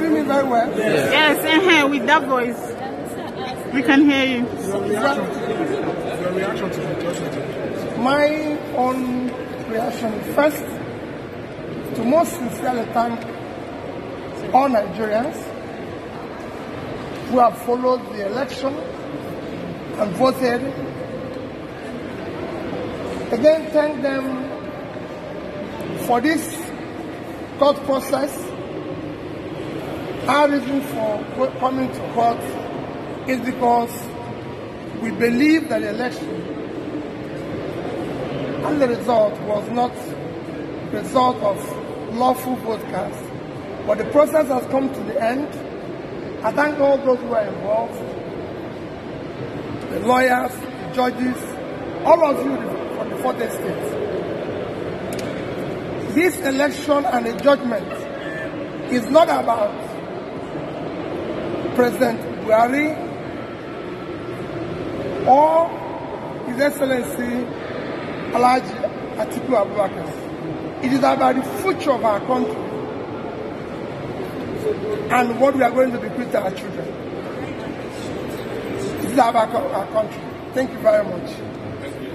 hearing me very well? Yes, yes and here with that voice. We can hear you. Your reaction to, the judgment? My own reaction first, to most sincerely thank all Nigerians who have followed the election and voted. Again, thank them for this court process our reason for coming to court is because we believe that the election and the result was not the result of lawful vote cast. But the process has come to the end. I thank all those who are involved, the lawyers, the judges, all of you from the fourth estate. This election and the judgment is not about President Buhari or His Excellency Alhaji Atiku Abubakar. It is about the future of our country and what we are going to bequeath to our children. It is about our country. Thank you very much.